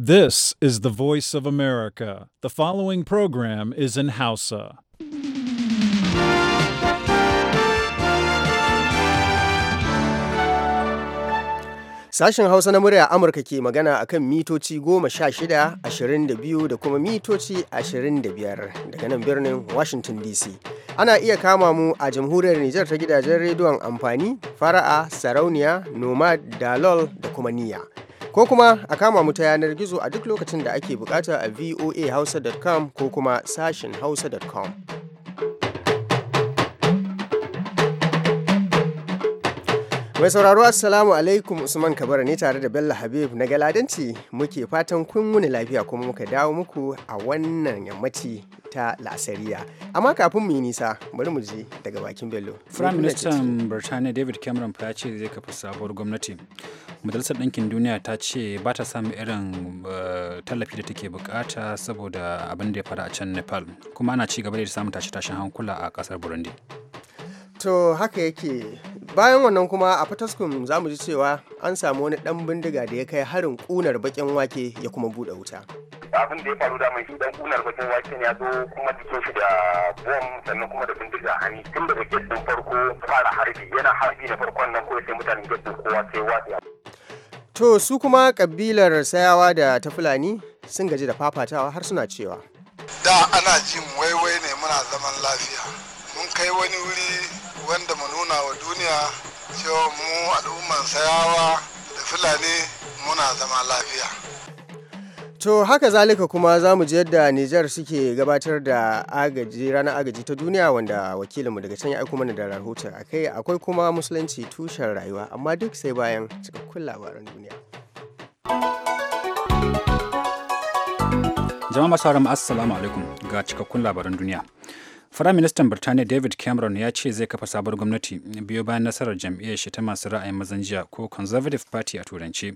This is the voice of America. The following program is in Hausa. Sashen Hausa na murya Amurka ke magana akan mitoci goma sha shida, ashirin da biyu da kuma mitoci ashirin da biyar daga nan birnin Washington DC. Ana iya kama mu a jamhuriyar Nijar ta gidajen rediyon amfani, fara'a, sarauniya, nomad, dalol da kuma niyya. ko kuma a kama mu ta yanar gizo a duk lokacin da ake bukata a voahausa.com ko kuma sashen hausa.com. Mai sauraro Assalamu alaikum Usman Kabara ne tare da Bello Habib na Galadanci muke fatan kun wuni lafiya kuma muka dawo muku a wannan yammaci ta lasariya. Amma kafin mu yi nisa bari mu je daga bakin Bello. Prime Minister Birtaniya David Cameron ya ce zai kafa sabuwar gwamnati. Majalisar Ɗinkin Duniya ta ce ba ta samun irin eh, tallafi da take bukata saboda abin da ya faru a can Nepal. Kuma ana ci gaba da samun tashe-tashen hankula a ƙasar Burundi. To haka yake bayan wannan kuma a fataskum za mu ji cewa an samu wani dan bindiga da ya kai harin kunar bakin wake ya kuma bude wuta abin da ya faru da mai shi dan kunar bakin wake ya zo kuma jikin shi da bom sannan kuma da bindiga hani tun daga gate farko fara harbi yana harbi da farkon nan ko sai mutanen gate kowa sai wasiya To su kuma kabilar sayawa da ta Fulani sun gaji da fafatawa har suna cewa. Da ana jin waiwai ne muna zaman lafiya. Mun kai wani wuri wanda mu nuna wa duniya cewa mu al'umman sayawa da fulani muna zama lafiya To haka zalika kuma za mu ji yadda Nijar suke gabatar da agaji ranar agaji ta duniya wanda wakilinmu daga can ya aiko mana da rahoton akai akwai kuma musulunci tushen rayuwa amma duk sai bayan cikakkun labaran duniya. Jama'a masu assalamu alaikum ga cikakkun labaran duniya. Firaministan Birtaniya David Cameron ya ce zai kafa sabuwar gwamnati biyo bayan nasarar jam'iyyar shi ta masu ra'ayin mazan jiya ko Conservative Party a turance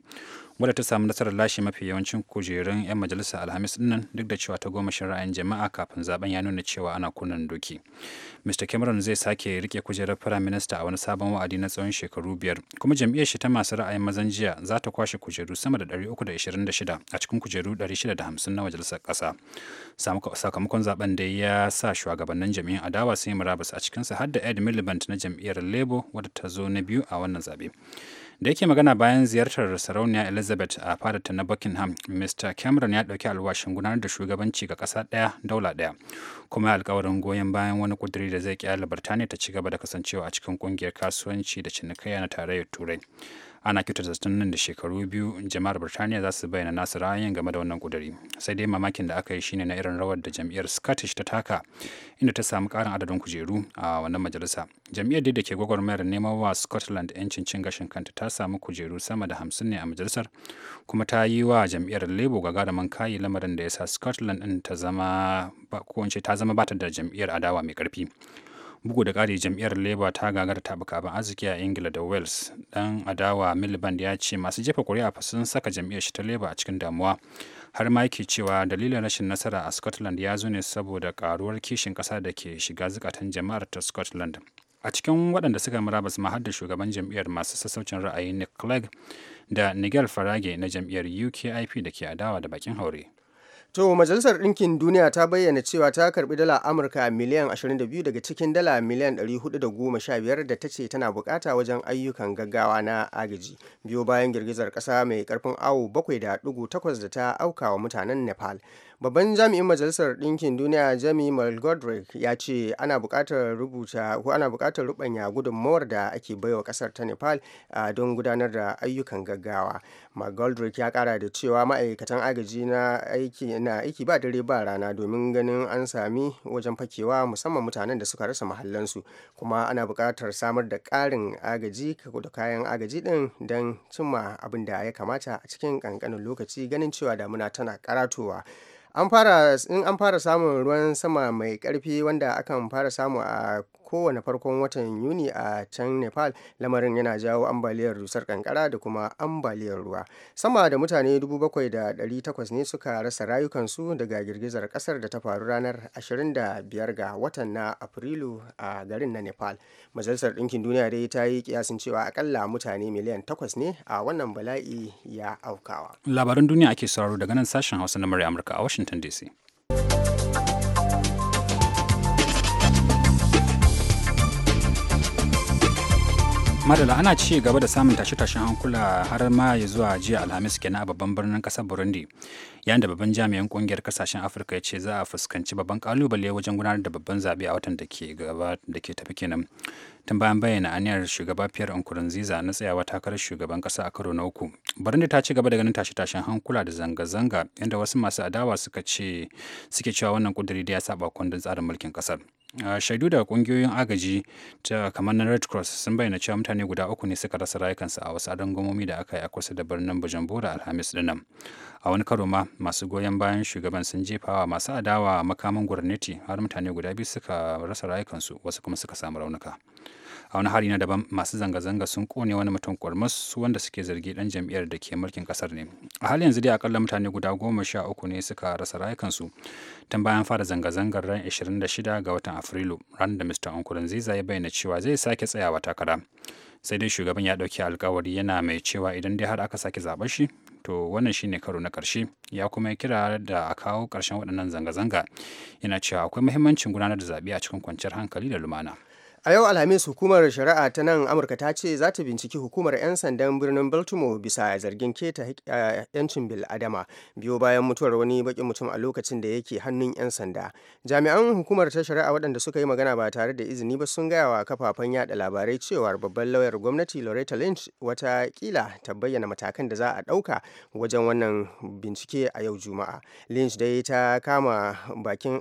wadda ta samu nasarar lashe mafi yawancin kujerun 'yan majalisa alhamis dinnan duk da cewa ta shan ra'ayin jama'a kafin zaben ya nuna cewa ana kunan doki mr cameron zai sake rike kujerar firaminista a wani sabon wa'adi na tsawon shekaru biyar kuma jam'iyyar shi ta masu ra'ayin mazan jiya za ta kwashe kujeru sama da 326 a cikin kujeru 650 na majalisar ƙasa sakamakon zaben da ya sa shugabannin jam'iyyar adawa sun yi murabus a cikinsa har da ed miliband na jam'iyyar labour wadda ta zo na biyu a wannan zabe da yake magana bayan ziyartar sarauniya elizabeth a fadata na buckingham mr cameron ya dauki alwashin gudanar da shugabanci ga ƙasa daya daula daya kuma alkawarin goyon bayan wani kuduri da zai kyara birtaniya ta ci gaba da kasancewa a cikin ƙungiyar kasuwanci da cinikayya na tarayyar turai ana kyautar da nan da shekaru biyu jama'ar birtaniya za su bayyana nasu ra'ayin game da wannan kudari sai dai mamakin da aka yi shine na irin rawar da jam'iyyar scottish ta taka inda ta samu karin adadin kujeru a wannan majalisa jam'iyyar da ke gwagwarmayar neman wa scotland 'yancin cin gashin kanta ta samu kujeru sama da hamsin ne a majalisar kuma ta yi wa jam'iyyar labour gagarumin kayi lamarin da ya sa scotland ɗin ta zama ko ta zama bata da jam'iyyar adawa mai karfi bugu da ƙari jam'iyyar labour ta gagara taɓa kaban arziki a ingila da wales dan adawa miliband ya ce masu jefa kuri'a sun saka jam'iyyar shi ta labour a cikin damuwa har ma yake cewa dalilin rashin nasara a scotland ya zo ne saboda karuwar kishin ƙasa da ke shiga zukatan jama'ar ta scotland a cikin waɗanda suka murabas ma har da shugaban jam'iyyar masu sassaucin ra'ayi nick clegg da nigel farage na jam'iyyar ukip da ke adawa da bakin haure To Majalisar Ɗinkin Duniya ta bayyana cewa ta karbi dala Amurka miliyan 22 daga cikin dala miliyan 415 da ta ce tana bukata wajen ayyukan gaggawa na agaji. Biyo bayan girgizar ƙasa mai karfin awo 7.8 da ta auka wa mutanen Nepal. babban jami'in majalisar ɗinkin duniya jami malgodrick ya ce ana buƙatar rubuta ko ana buƙatar rubanya gudunmawar da ake baiwa ƙasar ta nepal don gudanar da ayyukan gaggawa malgodrick ya kara da cewa ma'aikatan agaji na aiki na aiki ba dare ba rana domin ganin an sami wajen fakewa musamman mutanen da suka rasa mahallansu kuma ana buƙatar samar da ƙarin agaji da kayan agaji ɗin don cimma abin da ya kamata a cikin ƙanƙanin lokaci ganin cewa damuna tana karatowa an in an fara samun ruwan sama mai karfi wanda akan fara samu a kowane farkon watan yuni a can nepal lamarin yana jawo ambaliyar dusar kankara da kuma ambaliyar ruwa sama da mutane 7,800 ne suka rasa rayukansu daga girgizar kasar da ta faru ranar 25 ga watan na afrilu a garin na nepal majalisar ɗinkin duniya dai ta yi kiyasin cewa akalla mutane miliyan 8 ne a wannan bala'i ya aukawa labaran duniya ake sauraro daga nan sashen hausa na murya amurka a washington dc madala ana ci gaba da samun tashe-tashen hankula har ma ya zuwa jiya alhamis kenan a babban birnin kasar burundi yayin da babban jami'an kungiyar kasashen afirka ya ce za a fuskanci babban kalubale wajen gudanar da babban zaɓe a watan da ke gaba da ke tafi kenan tun bayan bayyana aniyar shugaba pierre nkurunziza na tsayawa takarar shugaban kasa a karo na uku burundi ta ci gaba da ganin tashe-tashen hankula da zanga-zanga inda wasu masu adawa suka ce suke cewa wannan kudiri da ya saba kundin tsarin mulkin kasar shaidu da kungiyoyin agaji ta kamar na red cross sun bayyana cewa mutane guda uku ne suka rasa rayukansu a wasu adangomomi da aka yi a kusa da birnin bujumbura alhamis dinnan a wani karo ma masu goyon bayan shugaban sun jefawa masu adawa makamin gwamnati har mutane guda biyu suka rasa rayukansu wasu kuma suka samu raunuka a wani hari na daban masu zanga-zanga sun kone wani mutum kwarmus wanda suke zargi dan jam'iyyar da ke mulkin kasar ne a hali yanzu dai akalla mutane guda goma sha uku ne suka rasa rayukansu tun bayan fara zanga-zangar ran 26 ga watan afrilu ran da mr nkurunziza ya bayyana cewa zai sake tsayawa takara sai dai shugaban ya ɗauki alkawari yana mai cewa idan dai har aka sake zaɓar shi to wannan shine karo na ƙarshe ya kuma ya kira da a kawo ƙarshen waɗannan zanga-zanga yana cewa akwai muhimmancin gudanar da zaɓe a cikin kwanciyar hankali da lumana a yau alhamis hukumar shari'a ta nan amurka ta ce za ta binciki hukumar 'yan sandan birnin baltimore bisa zargin keta yancin adama biyo bayan mutuwar wani bakin mutum a lokacin da yake hannun 'yan sanda jami'an hukumar ta shari'a waɗanda suka yi magana ba tare da izini ba sun gaya wa kafafen yada labarai cewa babban lauyar gwamnati loretta lynch kila ta bayyana matakan da za a ɗauka wajen wannan bincike a yau juma'a lynch dai ta kama bakin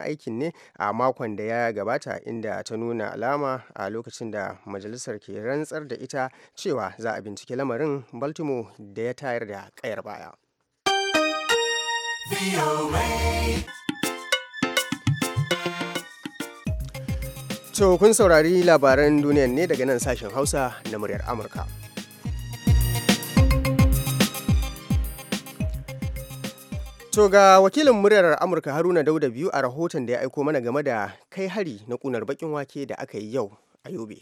aikin ne a makon da ya gabata gabata inda ta nuna alama a lokacin da majalisar ke rantsar da ita cewa za a binciki lamarin baltimore da ya tayar da kayar baya To kun saurari labaran duniyan ne daga nan sashen Hausa na muryar Amurka. To ga wakilin muryar Amurka Haruna Dauda biyu a rahoton da ya aiko mana game da kai hari na kunar bakin wake da aka yi yau a Yobe.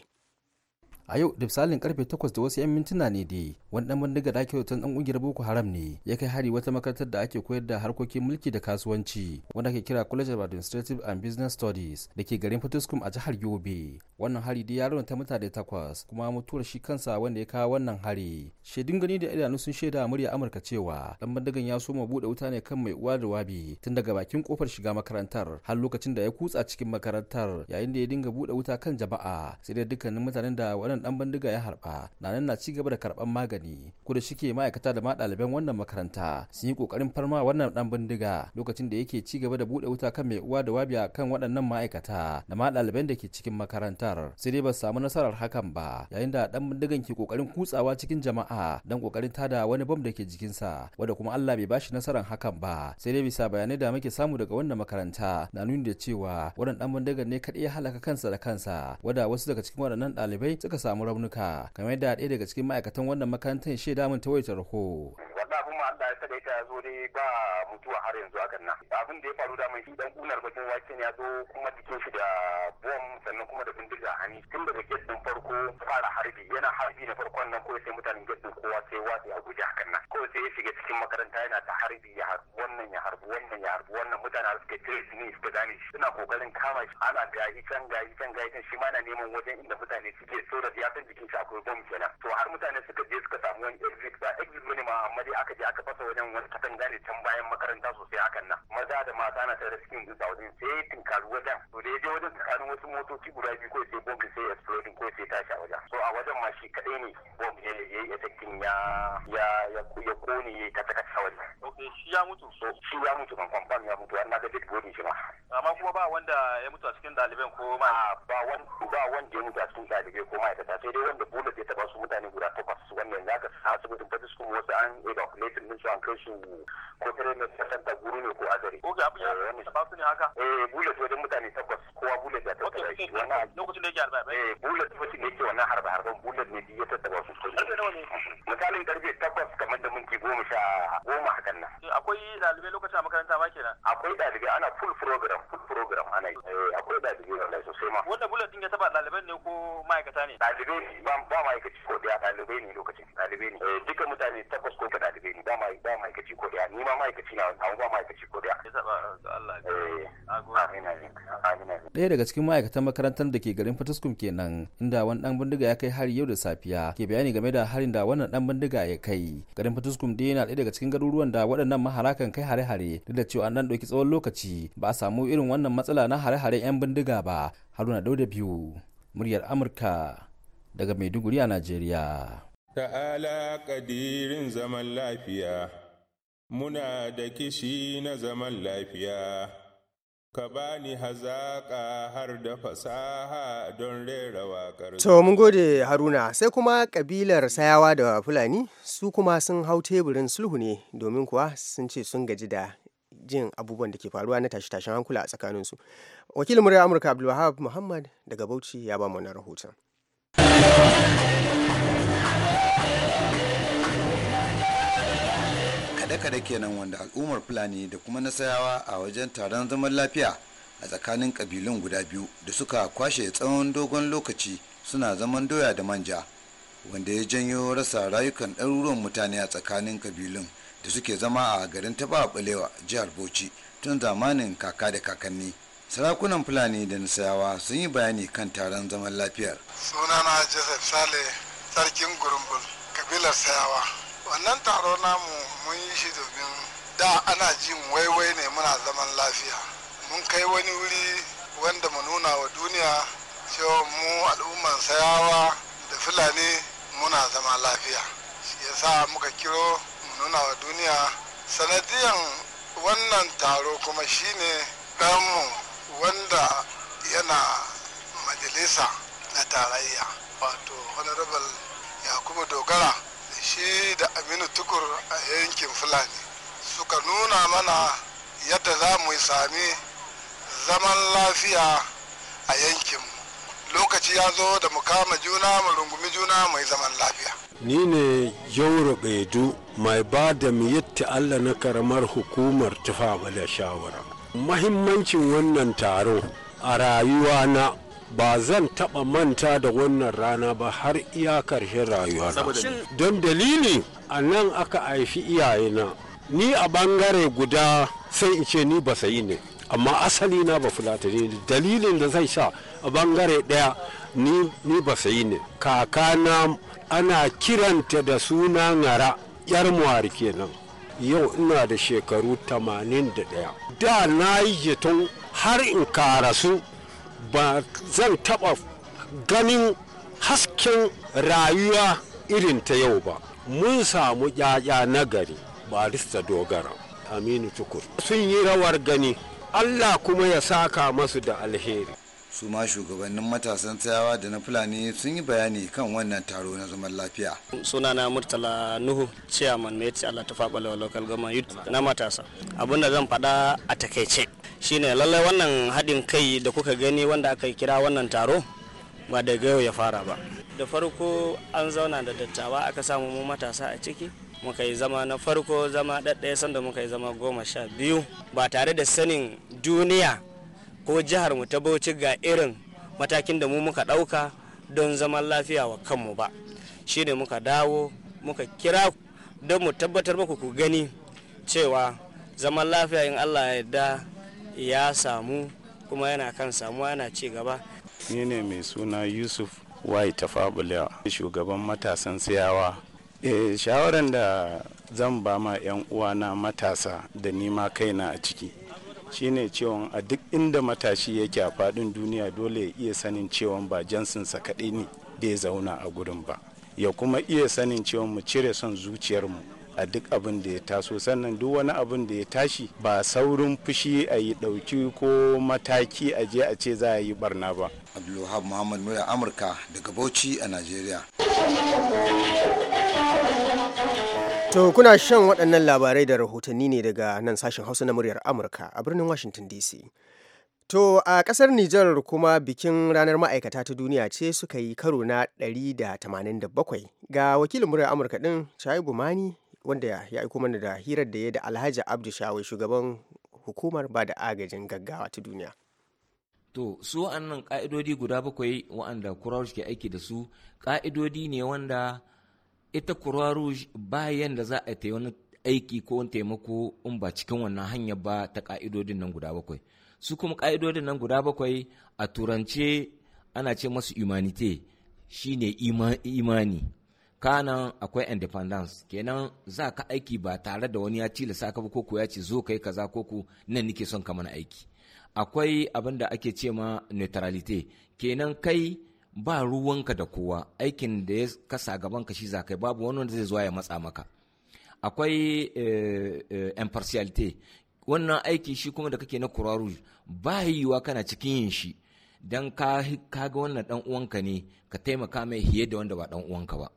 a yau da misalin karfe 8 da wasu 'yan mintuna ne dai wani dan bandiga da ake hoton dan kungiyar boko haram ne ya kai hari wata makarantar da ake koyar da harkokin mulki da kasuwanci wanda ake kira college of administrative and business studies da ke garin potoskum a jihar yobe wannan hari dai ya raunta mutane takwas kuma mutuwar shi kansa wanda ya kawo wannan hari shaidun gani da idanu sun shaida a murya amurka cewa dan bandigan ya soma bude wuta ne kan mai uwa da wabi tun daga bakin kofar shiga makarantar har lokacin da ya kutsa cikin makarantar yayin da ya dinga bude wuta kan jama'a sai dai dukkanin mutanen da nan dan bindiga ya harba na nan na cigaba da karban magani ko da ke ma'aikata da ma ɗaliban wannan makaranta sun yi kokarin farma wannan dan bindiga lokacin da yake ci gaba da bude wuta kan mai uwa da wabiya kan waɗannan ma'aikata da ma ɗaliban da ke cikin makarantar sai dai ba su samu nasarar hakan ba yayin da dan bindigan ke kokarin kutsawa cikin jama'a dan kokarin tada wani bam da ke jikinsa wanda kuma Allah bai bashi nasarar hakan ba sai dai bisa bayanai da muke samu daga wannan makaranta na nuni da cewa wannan dan bindigan ne kadai ya halaka kansa da kansa wanda wasu daga cikin waɗannan ɗalibai suka samu raunuka kamar yadda ɗaya daga cikin ma'aikatan wannan makarantar shaida mun ta wayar tarho wanda abin ma Allah ya sada ita zo dai ba mutuwa har yanzu hakan nan abin da ya faru da mai dan kunar bakin wake ya zo kuma jikin shi da bom sannan kuma da bindiga hani tun daga din farko fara harbi yana harbi na farkon nan ko sai mutanen gedin kowa sai wasu ya guje hakan nan ko sai ya shiga cikin makaranta yana ta harbi ya harbi wannan ya harbi wannan ya harbi wannan mutane har suka cire shi ne suka gane shi suna kokarin kama shi ana gayi can gayi can gayi can shi ma na neman wajen inda mutane suke so da ya san jikin shi akwai bom kenan to har mutane suka je suka samu wani exit ba exit ne ma amma dai aka je aka fasa wajen wani katanga ne can bayan makaranta sosai hakan nan maza da mata na tare da cikin dutsa wajen sai tinkaru wajen to da ya je wajen tsakanin wasu motoci guda biyu ko sai bombi sai exploding ko sai tashi a wajen so a wajen ma shi kadai ne ne ya yi attacking ya ya ya ya kone ya ta tsaka wajen. ok shi ya mutu so shi ya mutu kan kwamfam ya mutu har na ga dead body shi ma. amma kuma ba wanda ya mutu a cikin ɗaliban ko ma ah, ba wanda ya mutu a cikin ɗalibai ko ma'aikata sai dai wanda bula ya taba su mutane guda takwas wannan ya ka gudun ta kuma wasu an kuma din su an kai su ko tare ne kasanta guru ne ko azare ko ga abin ya ba eh, su ne haka eh bula wajen mutane takwas kowa bula ya taba shi wannan lokacin da yake harba eh bula ta da yake wannan harba harban bula ne ya taba su misalin karfe takwas kamar da minti goma sha goma hakan nan eh, akwai ɗalibai lokacin a makaranta ba kenan akwai ɗalibai ana full program food program ana yi eh, akwai ɗalibai wanda sosai ma wanda bulletin ya taba ɗaliban ne ko ma'aikata ne ɗalibai ne ba ba ma'aikaci ko ɗaya ɗalibai ne lokacin ɗalibai ne eh, duka mutane takwas ko ka ɗalibai ne ba ma ba ma'aikaci ko ɗaya ni ma ma'aikaci na wani amma ba ma'aikaci ko ɗaya ɗaya daga cikin ma'aikatan makarantar da ke garin fataskum kenan inda wani ɗan bindiga ya kai har yau da safiya ke bayani game da harin da wannan ɗan bindiga ya kai garin fataskum dai yana ɗaya daga cikin garuruwan da waɗannan maharakan kai hare-hare duk da cewa an ɗan ɗauki tsawon lokaci ba a samu irin wannan matsala na hare-hare 'yan bindiga ba haruna da biyu muryar amurka daga maiduguri a najeriya ta'ala kadirin zaman lafiya muna da kishi na zaman lafiya ka bani hazaƙa har da fasaha don rera waƙar to mun gode haruna sai kuma ƙabilar sayawa da fulani su kuma sun hau teburin sulhu ne domin kuwa sun ce sun gaji da jin abubuwan da ke faruwa na tashe-tashen hankula a tsakanin su wakilin murya amurka abdulwahab muhammad daga bauchi ya ba mu wannan rahoton kada-kada kenan wanda al'ummar fulani da kuma nasayawa a wajen taron zaman lafiya a tsakanin kabilun guda biyu da suka kwashe tsawon dogon lokaci suna zaman doya da manja wanda ya janyo rasa rayukan ɗaruruwan mutane a tsakanin kabilun da suke zama a garin taba balewa jihar bauchi tun zamanin kaka da kakanni sarakunan fulani da nisayawa sun yi bayani kan taron zaman lafiyar sunana joseph sale sarkin gurumbul kabilar sayawa wannan taro namu mun yi shi domin da ana jin waiwai ne muna zaman lafiya mun kai wani wuri wanda mu nuna wa duniya cewa mu al'umman sayawa da fulani muna zama lafiya shi yasa muka kiro nuna wa duniya sanadiyan wannan taro kuma shine ɗanmu wanda yana majalisa na tarayya wato honorable yakubu dogara da shi da aminu tukur a yankin fulani suka nuna mana yadda za mu sami zaman lafiya a yankinmu ya zo da mu juna mu rungumi juna mai zaman lafiya ni ne jauro Gaidu mai ba da miyatti allah na karamar hukumar tufa da shawara mahimmancin wannan taro a rayuwa na ba zan taɓa manta da wannan rana ba har iya karshen rayuwa don dalili a nan aka haifi iyayena ni a bangare guda sai in ce ni ba sayi ne amma asali na ba ne dalilin da zai sa a bangare ɗaya ni ba sai ne kakana ana kiranta da suna ngara yar muwar kenan yau ina da shekaru 81 da na yi jeton har in karasu ba zan taɓa ganin hasken rayuwa irin ta yau ba mun samu yaya na gari barista dogara aminu tukur sun yi rawar gani allah kuma ya saka masu da alheri su ma shugabannin matasan tsayawa da na fulani sun yi bayani kan wannan taro na zaman lafiya sunana murtala nuhu chairman mai allah ta faɓa local government na matasa abinda zan faɗa a takaice shine lallai wannan haɗin kai da kuka gani wanda aka kira wannan taro ba daga yau ya fara ba da farko an zauna da dattawa aka samu mu matasa a ciki muka yi zama na farko zama ɗaɗɗaya sanda muka yi zama goma sha biyu ba tare da sanin duniya ko jihar mu ta bauchi ga irin matakin da mu muka ɗauka don zaman lafiya wa kanmu ba shi ne muka dawo muka kira don mu tabbatar muku ku gani cewa zaman lafiya in allah ya yarda ya samu kuma yana kan samuwa yana ci gaba ni ne mai suna yusuf wai tafabula shugaban matasan siyawa e, shawaran da zan ba ma 'yan uwana matasa da nima kaina a ciki shine cewa a duk inda matashi yake a faɗin duniya dole ya iya sanin cewa ba jansinsa kaɗai ne da ya zauna a gurin ba ya kuma iya sanin cewa mu cire son zuciyar mu a duk abin da ya taso sannan duk wani abin da ya tashi ba saurin fushi a yi ɗauki ko mataki a je a ce za a yi barna ba. Abdulwahab Muhammad Mura Amurka daga Bauchi a Najeriya. To kuna shan waɗannan labarai da rahotanni ne daga nan sashen Hausa na muryar Amurka a birnin Washington DC. To a ƙasar Nijar kuma bikin ranar ma'aikata ta duniya ce suka yi karo na 187 ga wakilin muryar Amurka ɗin Shaibu Mani wanda ya aiko mana da hirar da ya da Alhaji Abdu Shawai shugaban hukumar ba da agajin gaggawa ta duniya. To, su wa'annan ka'idodi guda bakwai wa'anda Kurawar ke aiki da su, ka'idodi ne wanda ita kuraru bayan da za a ta wani aiki ko wani taimako in ba cikin wannan hanya ba ta ka'idodin nan guda bakwai su kuma ka'idodin nan guda bakwai a turance ana ce masu shi shine imani kanan akwai independence kenan za ka aiki ba tare da wani ya tilasta ka ba ko ya ce zo kai kaza ko ku nan nike son ka mana aiki akwai abin da ake ce ma neutrality kenan kai ba ruwanka da kowa aikin da ya kasa gaban ka shi zakai babu wani wanda zai zuwa ya matsa maka akwai eh, eh, impartiality wannan aiki shi kuma da kake na kuraru ba yiwuwa kana cikin yin shi don ka ga wannan dan uwanka ne ka taimaka mai hiye da wanda ba dan uwanka ba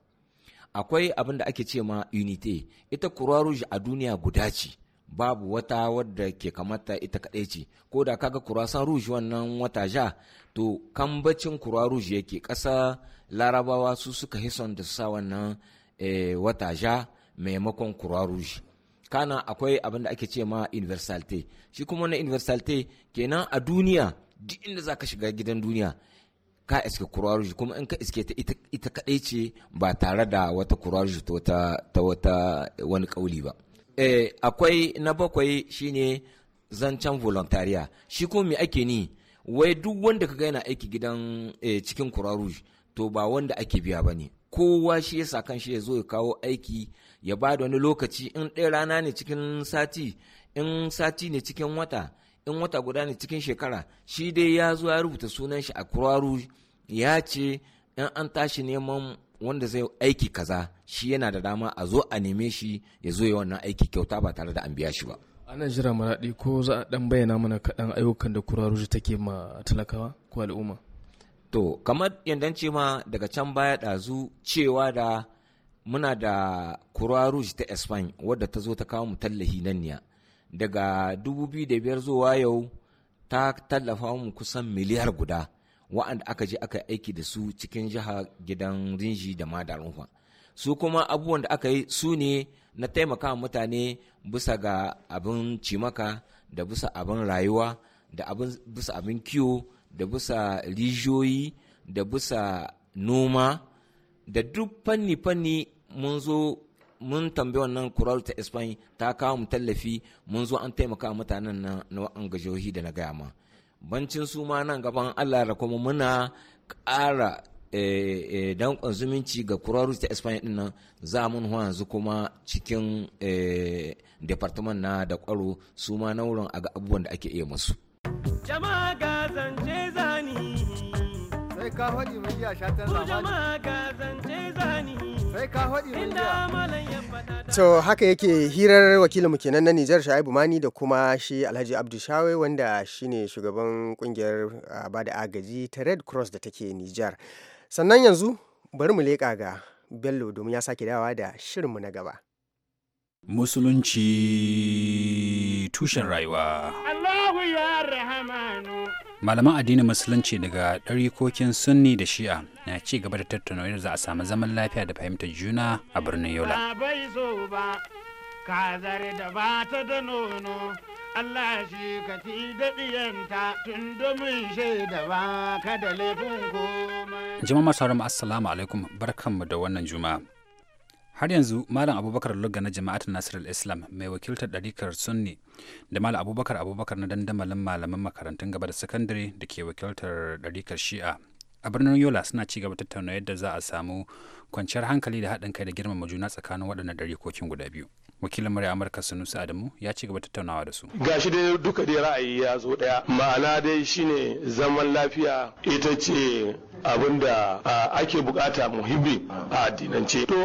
akwai abin da ake ce ma unity ita kuraru a duniya guda ce babu wata wadda ke kamata ita kaɗai ce ko da kaga kurasan rouge wannan wata ja to kambacin kura rouge yake ƙasa larabawa su suka hison da sa wannan eh, wata ja maimakon kura rouge kana akwai abin da ake ce ma universalte shi kuma na universalte kenan a duniya duk inda za ka shiga gidan duniya ka iske kura rouge kuma in ka iske ta ita, kaɗai ce ba tare da wata kura rouge ta wata wani ƙauli ba eh, akwai na bakwai shine zancen volontariya shi kuma mai ake ni wai duk wanda kaga yana aiki gidan eh, cikin kuraru to ba wanda ake biya ba ne kowa shi ya sa kan shi ya zo ya kawo aiki ya ba da wani lokaci in ɗaya rana ne cikin sati in sati ne cikin wata in wata guda ne cikin shekara shi dai ya zo ya rubuta sunan shi a kuraru ya ce in an tashi neman wanda zai aiki kaza shi yana da dama a zo a neme shi ya zo ya wannan aiki kyauta ba tare da an biya shi ba ana jira maraɗi ko za a ɗan bayyana mana kaɗan ayyukan da ruji take ma talakawa ko al'umma to kamar yadda ce ma daga can baya ɗazu cewa da muna da ruji ta espan wadda ta zo ta kawo mu tallafi nan niya daga biyar zuwa yau ta tallafa mu kusan miliyar guda wa'anda aka je aka aiki da su cikin jiha gidan rinji da ma darunfa su kuma abubuwan da aka yi su ne na taimaka mutane bisa ga abin cimaka da bisa abin rayuwa da abin bisa abin kiwo da bisa rijiyoyi da bisa noma da duk fanni-fanni mun zo mun tambayi wannan kural ta espanya ta kawo mu tallafi mun zo an taimaka mutanen na wa'an gajohi da na gaya ma bancin su ma nan gaban allah da kuma muna ƙara eh, eh, danƙon zumunci ga kurarus ta espanya din nan za mun yanzu kuma cikin eh, departament na da kwaro su ma na wurin a ga abubuwan da ake iya musu jama'a ga zance zani sai ka faɗi mai shatan zamani jama'a ga zance zani To haka yake hirar wakilinmu kenan na Nijar Sha'ibu Mani da kuma shi Alhaji Abdu Shawe wanda shine shugaban kungiyar ah, ba da agaji ta Red Cross da take Nijar. Sannan yanzu bari mu leka ga Bello domin ya sake dawa da shirin mu na gaba. Musulunci tushen rayuwa. malaman addinin musulunci daga ɗarikokin sunni da shi'a na ci gaba da tattauna yadda za a samu zaman lafiya da fahimtar juna a birnin yola ba da Allah shi ka ci daɗiyanta shaida ba da laifin komai. Jama'a masu haramu Assalamu alaikum barkanmu da wannan juma'a. har yanzu malam abubakar lugga na jama'at nasirar islam mai wakiltar ɗarikar sunni da malam abubakar abubakar na dandamalin malaman makarantun gaba da sakandare da ke wakiltar ɗarikar shi'a a birnin yola suna ci gaba tattauna yadda za a samu kwanciyar hankali da haɗin kai da girmama juna tsakanin waɗannan ɗarikokin guda biyu wakilin murya amurka sanusi adamu ya ci gaba tattaunawa da su gashi dai duka dai ra'ayi ya zo daya ma'ana dai shine zaman lafiya ita ce abin da ake bukata muhimmi a addinance to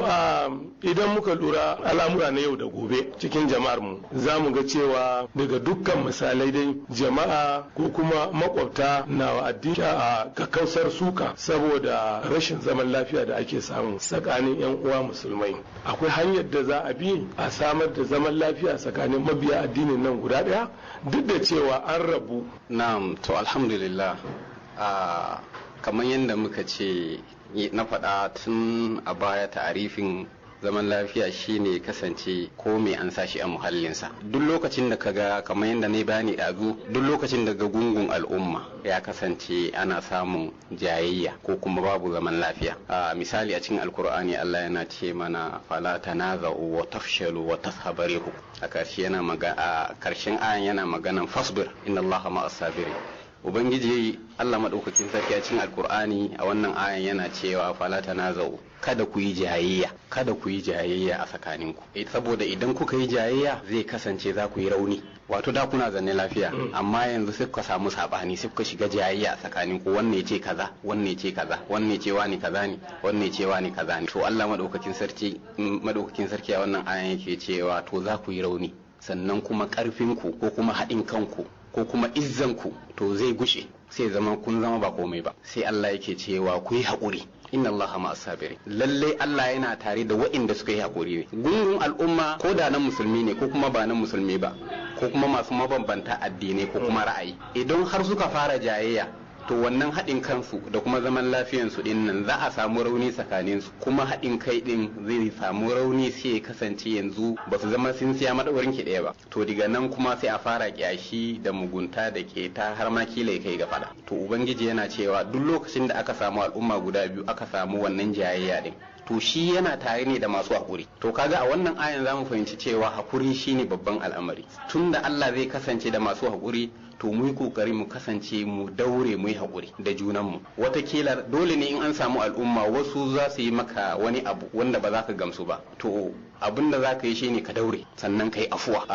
idan muka lura al'amura na yau da gobe cikin jama'ar mu za mu ga cewa daga dukkan misalai dai jama'a ko kuma makwabta na addini a kakkausar suka saboda rashin zaman lafiya da ake samu tsakanin yan uwa musulmai akwai hanyar da za a bi a samar da zaman lafiya tsakanin mabiya addinin nan guda daya duk da cewa an rabu na'am to alhamdulillah ah, kamar yadda muka ce na faɗa tun a baya tarifin zaman lafiya shine kasance ko me an sa shi a muhallinsa duk lokacin da kaga kamar yadda na bani ɗazu duk lokacin da gungun al'umma ya kasance ana samun jayayya ko kuma babu zaman lafiya a misali a cikin alkur'ani Allah yana ce mana fala tanaza'u wa tafshalu wa tashabarihu a karshe a karshen ayan yana maganan fasbir inna Allah ma'as sabirin ubangiji allah maɗaukakin sarki a cikin alkur'ani a wannan ayan yana cewa fala zau kada ku yi jayayya kada ku yi jayayya a tsakaninku eh, saboda idan kuka yi jayayya zai kasance za ku yi rauni wato da kuna zanne lafiya mm. amma yanzu sai kuka samu sabani sai kuka shiga jayayya a tsakaninku wanne ce kaza wanne ce kaza wanne ce wani kaza ne wanne ce wani kaza ne to allah maɗaukakin sarki maɗaukacin sarki a wannan ayan yake cewa to za ku yi rauni sannan kuma ƙarfinku ko kuma haɗin kanku ko kuma izzanku to zai gushe sai zama kun zama ba komai ba sai Allah yake cewa ku yi haƙuri inna Allah ma asabiri lalle Allah yana tare da waɗanda suka yi haƙuri ne gungun al'umma ko da nan musulmi ne ko kuma ba nan musulmi ba ko kuma masu mabambanta addinai ko kuma ra'ayi idan har suka fara jayayya to wannan haɗin kansu da kuma zaman lafiyansu ɗin nan za a samu rauni tsakanin su kuma haɗin kai ɗin zai samu rauni sai ya kasance yanzu ba su zama sun siya maɗaurin ki ɗaya ba to daga nan kuma sai a fara ƙyashi da mugunta da keta har ma kila kai ga faɗa to ubangiji yana cewa duk lokacin da aka samu al'umma guda biyu aka samu wannan jayayya ɗin to shi yana tare ne da masu hakuri to kaga a wannan ayan zamu fahimci cewa hakuri shine babban al'amari tunda Allah zai kasance da masu hakuri to mu yi kokari mu kasance mu daure mu yi haƙuri da junanmu watakila dole ne in an samu al'umma wasu za su yi maka wani abu wanda ba za ka gamsu ba to abin da za ka yi shine ka daure sannan kai yi afuwa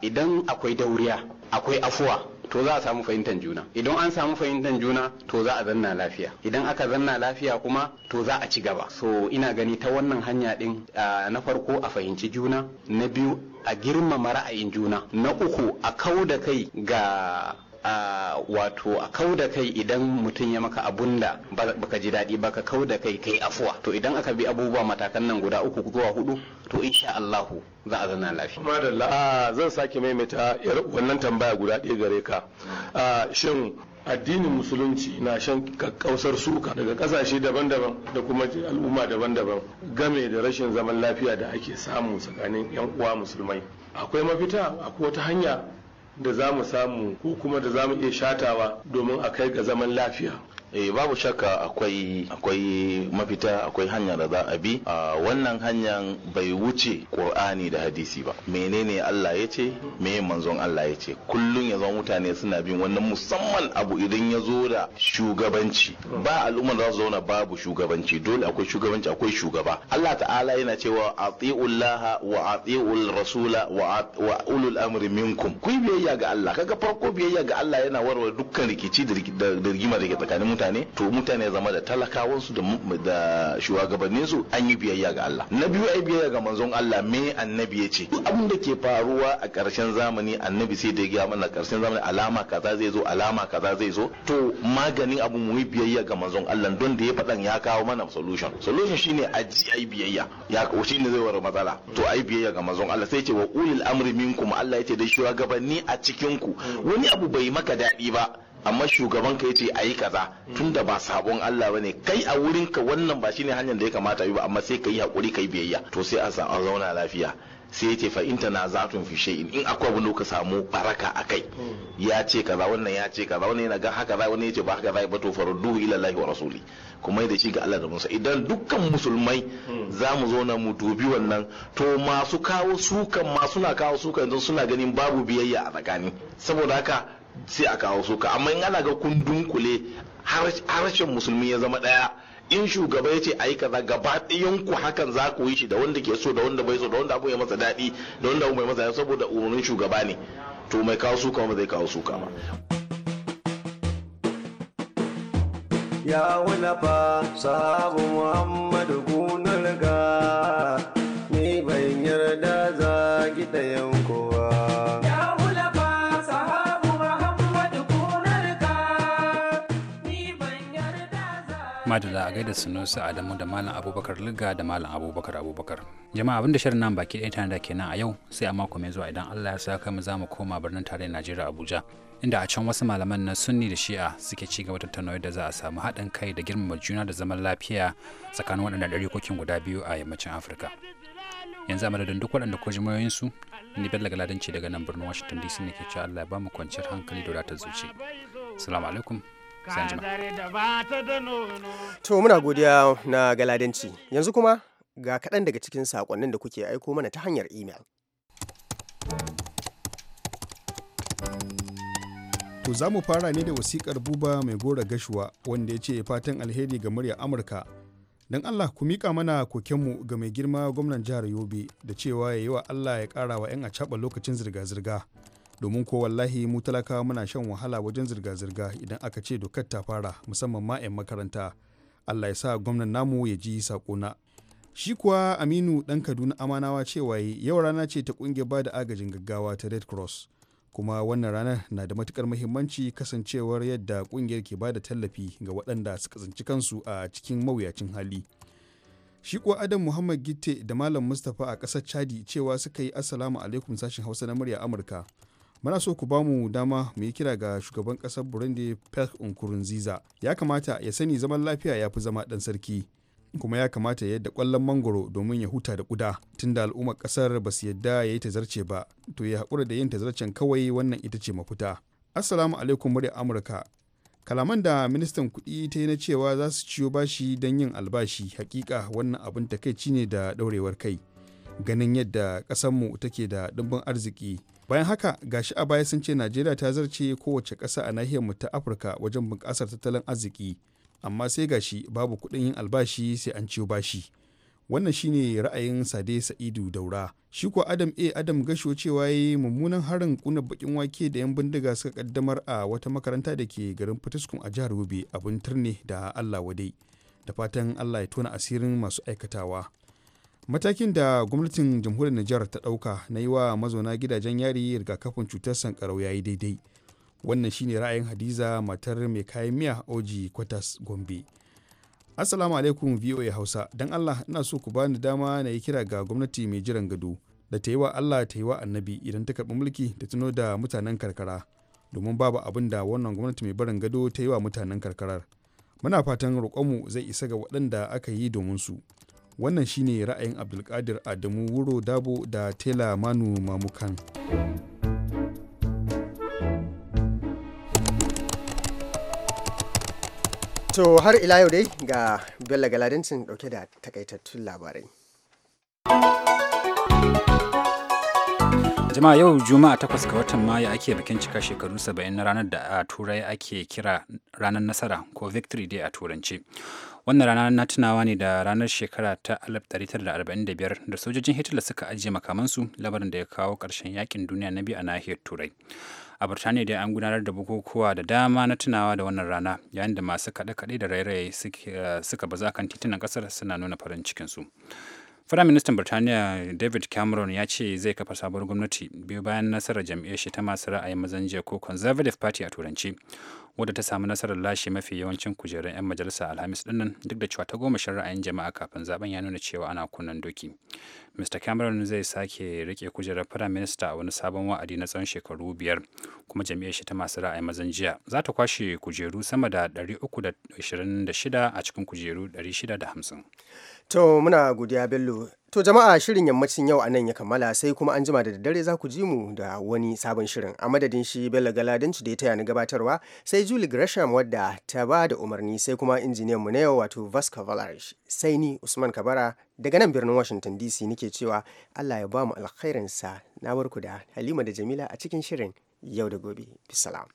idan akwai dauriya akwai afuwa to za a samu fahimtar juna idan an samu fahimtar juna to za a zanna lafiya idan aka zanna lafiya kuma to za a ci gaba so ina gani ta wannan hanya din na farko a fahimci juna na biyu a girmama ra'ayin juna na uku a kau da kai ga a wato a kau da kai idan mutum ya maka abun da baka ji daɗi ba ka kau da kai kai afuwa to idan aka bi abubuwa matakan nan guda uku zuwa hudu to insha Allahu za a zana lafiya. Madalla zan sake maimaita wannan tambaya guda ɗaya gare ka. Shin addinin musulunci na shan kakkausar suka daga kasashe daban-daban da kuma al'umma daban-daban game da rashin zaman lafiya da ake samu tsakanin 'yan uwa musulmai akwai mafita akwai wata hanya da za mu samu ko kuma da za mu iya shatawa domin a kai ga zaman lafiya eh babu shakka akwai akwai mafita akwai hanya da za a bi a ah, wannan hanyar bai wuce qur'ani da hadisi ba menene Allah ya ce me manzon Allah ya ce kullun ya zama mutane suna bin wannan musamman abu idan ya zo da shugabanci ba al'umma za su zauna babu shugabanci dole akwai shugabanci akwai shugaba Allah ta'ala yana cewa atiullaha wa atiul rasula wa ulul amri minkum ku biyayya ga Allah kaga farko biyayya ga Allah yana warware dukkan rikici da rigima da ke tsakanin mutane to mutane zama da talakawansu da shugabanninsu an yi biyayya ga Allah na biyu ai biyayya ga manzon Allah me annabi ya ce abin da ke faruwa a ƙarshen zamani annabi sai da ya mana ƙarshen zamani alama kaza zai zo alama kaza zai zo to maganin abu mu yi biyayya ga manzon Allah don da ya faɗan ya kawo mana solution solution shine a ji ai biyayya ya shine zai wara matsala to ai biyayya ga manzon Allah sai ce wa ulil amri minkum Allah ya ce da shugabanni a cikin ku mm. wani abu bai maka daɗi ba amma shugaban ka yace ayi kaza tunda ba sabon Allah bane kai a wurin ka wannan ba shine hanyar da ya kamata yi ba amma sai kai hakuri kai biyayya to sai an an zauna lafiya sai yace fa na zatun fi shay'in in akwai abin da ka samu baraka akai hmm. ya ce kaza wannan ya ce kaza wannan yana ga haka zai wannan yace ba haka zai ba to faruddu ila Allah wa rasuli kuma da shi ga Allah da Musa idan dukkan musulmai hmm. za mu zo na mu dubi wannan to masu kawo sukan masu na kawo sukan don suna ganin babu biyayya a tsakani saboda haka sai a kawo suka amma in ana ga kun dunkule harshen musulmi ya zama daya in shugaba ya ce a yi kaza gaba ku hakan za ku yi shi da wanda ke so da wanda bai so da wanda abu ya masa daɗi da wanda abu bai masa daɗi saboda umarnin shugaba ne to mai kawo suka ba zai kawo suka ba. ya wani fa sabu muhammadu gunar ga ni ban yarda za ki da yau madala a gaida sunusu adamu da malam abubakar liga da malam abubakar abubakar jama'a abinda shirin nan baki ɗaya tana da kenan a yau sai a mako mai zuwa idan allah ya sa kai mu za mu koma birnin tare najeriya abuja inda a can wasu malaman na sunni da shi'a suke ci gaba tattauna yadda za a samu haɗin kai da girmama juna da zaman lafiya tsakanin waɗanda ɗari kokin guda biyu a yammacin afirka yanzu a madadin duk waɗanda ko jimoyoyinsu ni bello galadanci daga nan birnin washington dc ne ke cewa allah ya ba kwanciyar hankali da wadatar zuci salamu alaikum To muna godiya na galadanci yanzu kuma ga kaɗan daga cikin saƙonnin da kuke aiko mana ta hanyar imel. To za mu fara ne da wasiƙar buba mai gora gashuwa wanda ya ce fatan alheri ga murya Amurka. Don Allah ku miƙa mana kokenmu ga mai girma gwamnan jihar Yobe da cewa ya yi wa Allah ya ƙara wa 'yan a lokacin zirga-zirga. domin ko wallahi mu talaka muna shan wahala wajen zirga-zirga idan aka ce dokar ta fara musamman ma 'yan makaranta allah ya sa gwamnan namu ya ji sakona shi kuwa aminu dan kaduna amanawa cewa yau rana ce ta kungiyar ba da agajin gaggawa ta red cross kuma wannan ranar na da matukar muhimmanci kasancewar yadda kungiyar ke bada tallafi ga waɗanda suka tsinci kansu a cikin mawuyacin hali shi kuwa adam muhammad gitte da malam mustapha a ƙasar chadi cewa suka yi assalamu alaikum sashen hausa na murya amurka muna so ku bamu dama mu yi kira ga shugaban kasar burundi pierre nkurunziza ya kamata ya sani zaman lafiya ya fi zama dan sarki kuma ya kamata ya yadda kwallon mangoro domin ya huta da kuda tunda al'ummar kasar ba su yadda ya yi tazarce ba to ya haƙura da yin tazarcen kawai wannan ita ce mafita assalamu alaikum murya amurka kalaman da ministan kuɗi ta yi na cewa za su ciyo bashi don yin albashi hakika wannan abin takaici ne da ɗaurewar kai ganin yadda ƙasarmu take da ɗumbin arziki bayan haka gashi a baya sun ce najeriya ta zarce kowace kasa a nahiyar mu ta afirka wajen bunƙasar tattalin arziki amma sai gashi babu kuɗin yin albashi sai an ciyo bashi wannan shine ra'ayin sade sa'idu daura shi ko adam a adam gasho cewa yi mummunan harin kuna bakin wake da yan bindiga suka kaddamar a wata makaranta da ke garin fatiskun a jihar yobe abin turne da allah wadai da fatan allah ya tona asirin masu aikatawa matakin da gwamnatin jamhuriyar nijar ta ɗauka na yi wa mazauna gidajen yari rigakafin cutar sankarau ya yi daidai wannan shine ra'ayin hadiza matar mai kayan miya oji kwatas gombe assalamu alaikum voa hausa don allah ina so ku bani dama na yi kira ga gwamnati mai jiran gado da ta yi wa allah ta yi wa annabi idan ta karɓi mulki ta tuno da mutanen karkara domin babu abin da wannan gwamnati mai barin gado ta yi wa mutanen karkarar muna fatan roƙonmu zai isa ga waɗanda aka yi domin su wannan shine ra'ayin abdulkadir adamu wuro dabo da tela manu mamukan to har ila yau dai ga bello galadincin dauke da takaitattun labarai jama'a yau juma'a takwas ga watan mayu ake bikin cika shekaru saba'in na ranar da a turai ake kira ranar nasara ko victory day a turanci wannan rana na tunawa ne da ranar shekara ta 1945 da sojojin hitler suka ajiye makamansu labarin da ya kawo karshen yakin duniya na biyu a nahiyar turai a birtaniya dai an gudanar da bukukuwa da dama na tunawa da wannan rana yayin da masu kaɗe-kaɗe da rairaye eh, suka baza kan titunan kasar suna nuna farin cikinsu Firaministan Birtaniya David Cameron ya ce zai kafa sabuwar gwamnati biyu bayan nasarar jam'iyyar shi ta masu ra'ayin mazan jiya ko Conservative Party a Turanci, wadda ta samu nasarar lashe mafi yawancin kujerun 'yan majalisa alhamis dinnan duk da cewa ta goma shan ra'ayin jama'a kafin zaben ya nuna cewa ana kunnan doki mr cameron zai sake rike kujerar prime minister a wani sabon wa'adi na tsawon shekaru biyar kuma jam'iyyar shi ta masu ra'ayi mazan jiya za ta kwashe kujeru sama da 326 a cikin kujeru 650 to muna godiya bello To jama'a shirin yammacin yau anan ya kammala sai kuma an jima da daddare za ku ji mu da wani sabon shirin a madadin shi Bello Galadanci da ya taya ni gabatarwa sai Julie Gresham wadda ta ba da umarni sai kuma injiniyan mu na yau wato Vasco Valarish sai ni Usman Kabara daga nan birnin Washington DC nake cewa Allah ya ba mu alkhairinsa na barku da Halima da Jamila a cikin shirin yau da gobe. Bisalam.